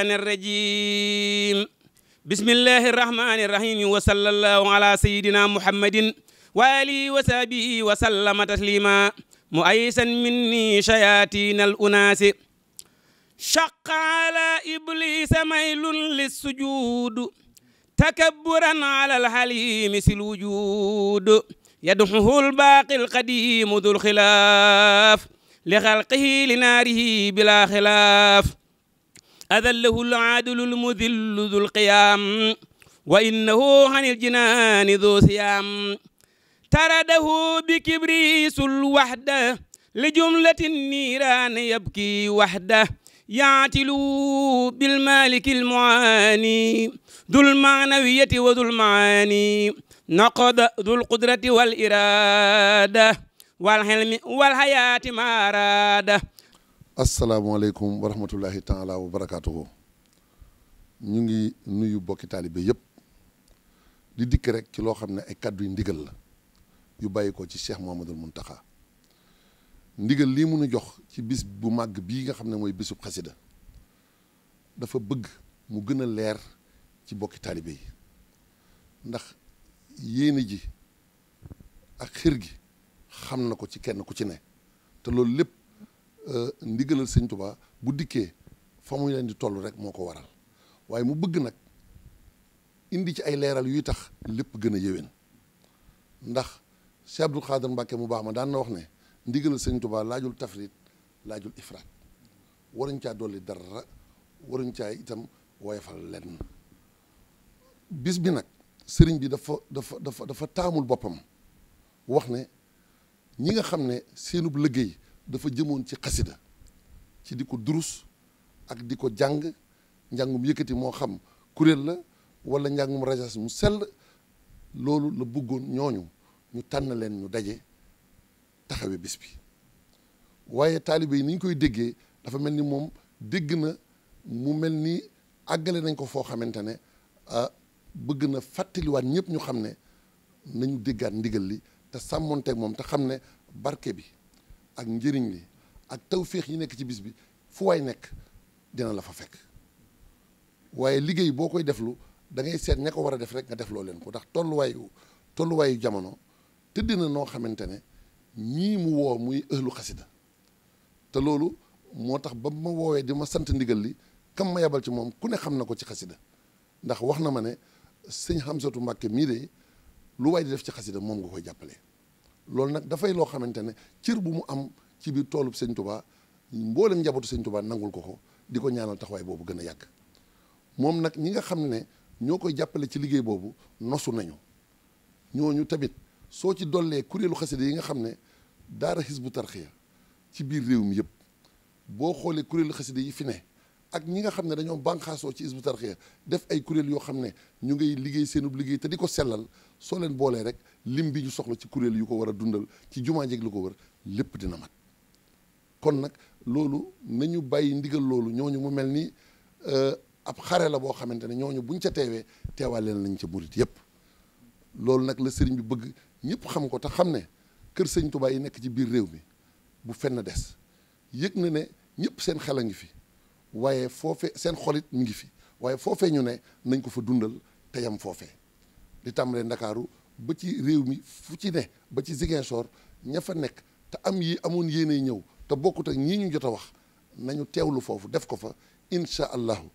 الشيطان الرجيم بسم الله الرحمن الرحيم وصلى الله على سيدنا محمد وآله وصحبه وسلم تسليما مؤيسا مني شياطين الأناس شق على إبليس ميل للسجود تكبرا على الحليم سلوجود يدحه الباقي القديم ذو الخلاف لخلقه لناره بلا خلاف أذله العادل المذل ذو القيام وإنه عن الجنان ذو سيام ترده بكبريس الوحدة لجملة النيران يبكي وحده يعتل بالمالك المعاني ذو المعنوية وذو المعاني نقض ذو القدرة والإرادة والحلم والحياة ما أراده asalaamaaleykum wa rahmatullahi taala wa ñu ngi nuyu bokki taalibe yëpp di dikk rek ci loo xam ne ay kàddu yu ndigal la yu bàyyi ko ci Cheikh Mouhamadul Mountakha ndigal lii mun a jox ci bis bu màgg bii nga xam ne mooy bisub xasida dafa bëgg mu gën a leer ci bokki taalibe yi ndax yéene ji ak xir gi xam na ko ci kenn ku ci ne te loolu lépp Euh, ndigalal sëñ Tuubaa bu dikkee fa muy leen di toll rek moo ko waral waaye mu bëgg nag indi ci ay leeral yuy tax lépp gën a yéwén ndax Cheikh Abdou Khader Mbacke mu baax ma daan na wax ne ndigalal sëñ Tuubaa laajul tafrit laajul ifraat waruñ caa dolli dara waruñ caa itam woyofal lenn bis bi nag sëriñ bi dafa dafa dafa dafa taamul boppam wax ne ñi nga xam ne seenub liggéey dafa jëmoon ci xasida ci di ko durus ak di ko jàng njàngum yëkkati moo xam kuréel la wala njàngum rajas mu sell loolu la bëggoon ñooñu ñu tànn leen ñu daje taxawe bis bi waaye taalibe yi niñ koy déggee dafa mel ni moom dégg na mu mel ni àggale nañ ko foo xamante ne bëgg na fàttaliwaat ñëpp ñu xam ne nañu déggaat ndigal li te sàmmonteeg moom te xam ne barke bi ak njëriñ li ak tawféex yi nekk ci bis bi fu waay nekk dina la fa fekk waaye liggéey boo koy deflu dangay ngay seet ña ko war a def rek nga defloo leen ko ndax tolluwaayu tolluwaayu jamono tëdd na noo xamante ne ñii mu woo muy ëhlu xasida te loolu moo tax ba mu ma woowee di ma sant ndigal li kam ma yabal ci moom ku ne xam na ko ci xasida ndax wax na ma ne sëñ Xamsatu Mbàkke mii de lu waay di def ci xasida moom nga koy jàppale loolu nag dafay loo xamante ne cir bu mu am ci biir toolub sëñ tubaa mboolem njabootu sëñ tubaa nangul ko ko di ko ñaanal taxawaay boobu gën a yàgg moom nag ñi nga xam ne ñoo koy jàppale ci liggéey boobu nosu nañu ñooñu tamit soo ci dollee kuréelu xasida yi nga xam ne daara xisbu tarxiya ci biir réew mi yëpp boo xoolee kuréelu xasida yi fi ne ak ñi nga xam ne dañoo bànqaasoo ci xisbu tarxiya def ay kuréel yoo xam ne ñu ngay liggéey seenub liggéey te di ko sellal soo leen boolee rek lim bi ñu soxla ci kuréel yu ko war a dundal ci jumaa jeeg lu ko wër lépp dina mat kon nag loolu na ñu bàyyi ndigal loolu ñooñu mu mel ni euh, ab xare la boo xamante ne ñooñu buñ ca teewee teewaaleen lañ ca murit yépp loolu nag la sëriñ bi bëgg ñëpp xam ko te xam ne kër sëñ Tuubaa yi nekk ci biir réew mi bu fenn des yëg na ne ñëpp seen xel a ngi fi waaye foofee seen xolit mi ngi fi waaye foofee ñu ne nañ ko fa dundal te yam foofee di tàmbalee Ndakaaru ba ci réew mi fu ci ne ba ci Ziguinchor ña fa nekk te am yi amoon yéenay ñëw te bokkut ak ñii ñu jot a wax nañu teewlu foofu def ko fa incha allahu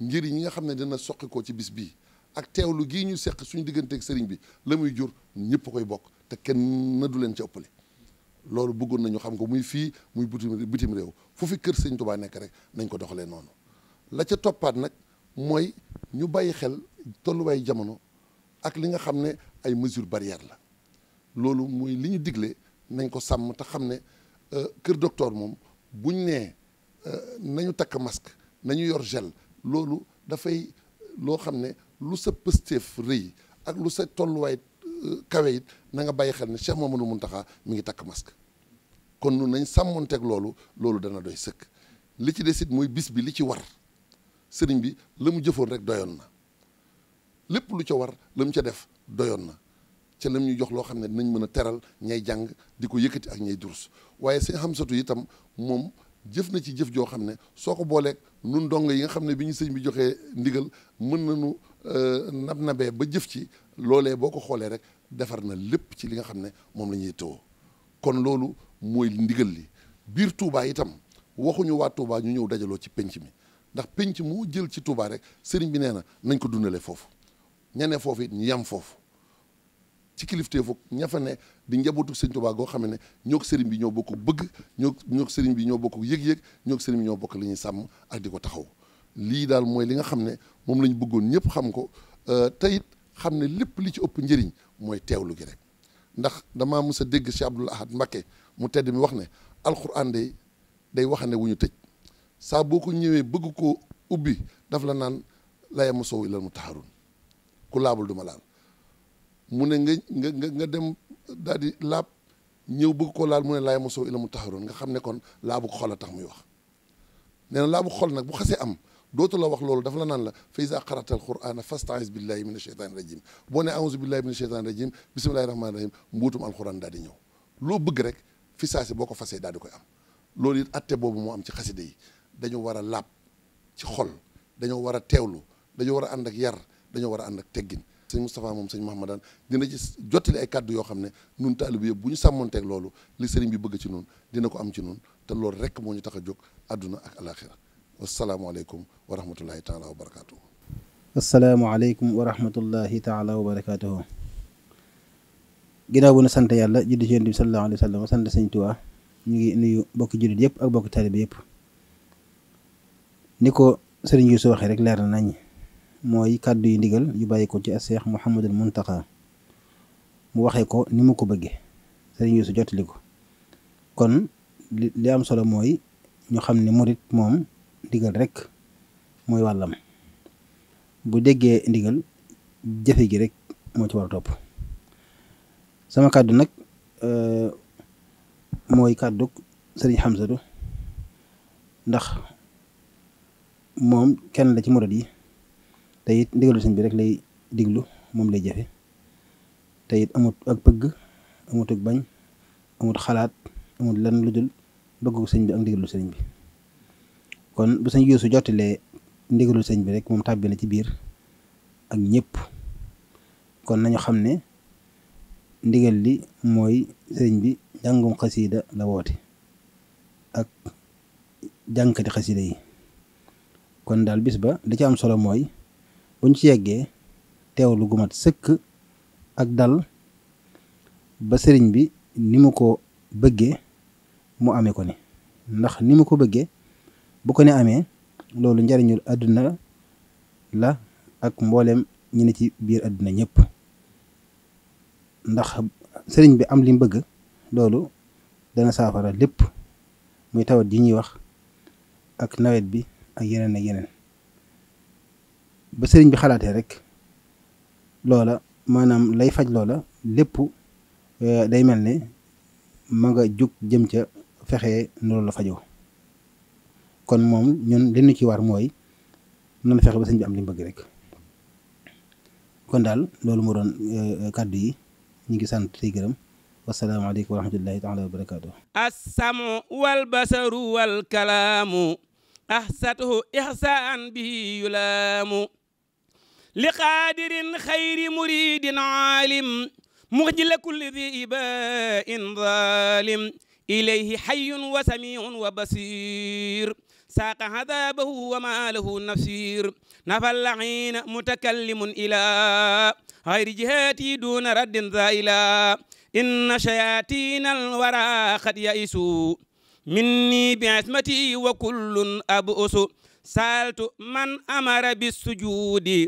njëriñ ñi nga xam ne dina soqi ko ci bis bii ak teewlu gii ñu seq suñu digganteek sëriñ bi la muy jur ñëpp koy bokk te kenn na du leen ci ëppale loolu buggoon nañu xam ko muy fii muy bitim bitim réew fu fi kër sëñ Tuubaa nekk rek nañ ko doxalee noonu la ca toppaat nag mooy ñu bàyyi xel tolluwaay jamono ak li nga xam ne ay mesures barrières la loolu muy li ñu digle nañ ko sàmm te xam ne euh, kër docteur moom buñ nee euh, nañu takk masque nañu yor gel loolu dafay euh, loo xam ne lu sa pësteef rëy ak lu sa tolluwaay kawe it na nga bàyyi xel ne Cheikh Mamadou Mountakha mi ngi takk masque kon nun nañ sàmmonteeg loolu loolu dana doy sëkk li ci des it mooy bis bi li ci war sëriñ bi la mu jëfoon rek doyoon na lépp lu ca war la mu ca def doyoon na ci lam ñu jox loo xam ne dinañ mën a teral ñay jàng di ko yëkkati ak ñay durus waaye seen xamsatu itam moom jëf na ci jëf joo xam ne soo ko booleeg nun dong yi nga xam ne bi ñu sëñ bi joxee ndigal mën nañu euh, nab nabee ba jëf ci loolee boo ko xoolee rek defar na lépp ci li nga xam ne moom la ñuy tëwoo kon loolu mooy ndigal li biir Touba itam waxuñu waa Touba ñu ñëw dajaloo ci penc mi ndax penc moo jël ci Touba rek sëriñ bi nee na nañ ko dundalee foofu ña foofu it ñu yam foofu ci kilifteefu ña fa ne di njabootu sëñ Tuubaa goo xam ne ñoo sëriñ bi ñoo bokk bëgg ñoo ñoo ko bi ñoo bokk yëg-yëg ñoo sëriñ bi ñoo bokk li ñuy sàmm ak di ko taxaw lii daal mooy li nga xam ne moom la ñu bëggoon ñëpp xam ko euh, te xam ne lépp li ci ëpp njëriñ mooy teew gi rek ndax dama mës a dégg si Abdoul Ahad Mbacké mu tedd mi wax ne alxuraan day day wax ne wu ñu tëj saa boo ko ñëwee bëgg ko ubbi daf la naan la yamassahu illal mutahharuun ku laabul du ma laal mu ne nga nga nga dem daal di laab ñëw bëgg ko laal mu ne laay mosoo ila mu taxaroon nga xam ne kon laabu xol a tax muy wax nee na laabu xol nag bu xasee am dootu la wax loolu dafa la naan la fa iza qara'ta alqur'ana fasta'is billahi min asheytani rajim boo ne a'uzu billahi min asheytani rajim bismillahi rahmani rahim mbuutum alquran daal di ñëw loo bëgg rek fi saasi boo ko fasee daadi koy am loolu it atte boobu moo am ci xasida yi dañu war a laab ci xol dañoo war a teewlu dañoo war a ànd ak yar dañoo war a ànd ak teggin sëñ Moustapha moom sëñ Mahamadan dina ci jottali ay kàddu yoo xam ne nun taalibe yëpp bu ñu teg loolu li sëriñ bi bëgg ci noonu dina ko am ci noonu te loolu rek moo ñu tax a jóg àdduna ak alaxira wasalaamualeykum wa rahmatullahi taala wa barakatuhu asalaamualeykum wa rahmatullahi taala wa barakatuhu ginnaaw bu na sant yàlla julli ci yonent bi sallallahu alayhi wa sallam sant sëñ Tuubaa ñu ngi nuyu bokki jullit yëpp ak bokki taalibe yëpp ni ko sëriñ Yuusu waxee rek leer na nañ mooy kàddu yi ndigal yu bàyyi ko ci Cheikh Mouhamadul Mountakha mu waxee ko ni mu ko bëggee sëriñ su jottali ko kon li am solo mooy ñu xam ne murit moom ndigal rek mooy wàllam bu déggee ndigal jëfe gi rek moo ci war a topp sama kàddu nag euh, mooy kàddug sëriñ Xamsatu ndax moom kenn la ci murit yi te it sëñ bi rek lay diglu moom lay jafe te amut ak pëgg amut ak bañ amut xalaat amut lan lu dul bëggu sëñ bi ak ndigalu sëñ bi kon bu sëñ Yuusu jottilee ndigalu sëñ bi rek moom tàbbi na ci biir ak ñépp kon nañu xam ne ndigal li mooy sëñ bi jàngum xasiida la woote ak jànkati xasiida yi kon daal bis ba da ci am solo mooy buñ ci yeggee teewlu gu mat sëkk ak dal ba sëriñ bi ni mu ko bëggee mu amee ko ne ndax ni mu ko bëggee bu ko ne amee loolu njariñul àdduna la ak mbooleem ñi ne ci biir àdduna ñëpp ndax sëriñ bi am li bëgg loolu dana saafara lépp muy tawat ji ñuy wax ak nawet bi ak yeneen ak yeneen ba sëriñ bi xalaatee rek loola maanaam lay faj loola lépp eh, day mel ne ma nga jug jëm ca fexe loolu la fajoo kon moom ñun li ñu ci war mooy nan fexe ba sëñ bi am li mu bëgg rek kon daal loolu moo doon eh, kàddu yi ñu ngi sant tey gërëm wasalaamaaleykum wa rahmatullahi taala wa barakaatu assamu wal basaru wal kalaamu ahsatuhu ihsaan bihi li qaadirin xayri muridin aalim muxjila kulli di ibain zalim ilayhi hayyun wa samiun wa basir saaqa hadabahu wa ma lahu nafsir nafa laxiina mutakallimun ila xayri jihaati duna raddin zaila inna shayatina alwara qad yaisu minni bi ismati wa kullun abusu saaltu man amara bi sujuudi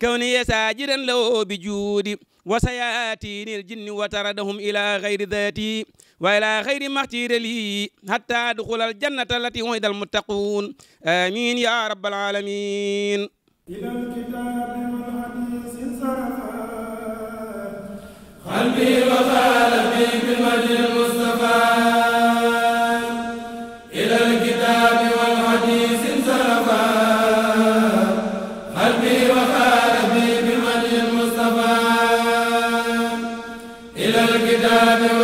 كوني ساجدا له بجودي وسياتيني الجن وتردهم الى غير ذاتي والى غير ما اختير لي حتى ادخل الجنه التي وعد المتقون امين يا رب العالمين الى الكتاب والحديث صرفا قلبي وقلبي بالمجد yaa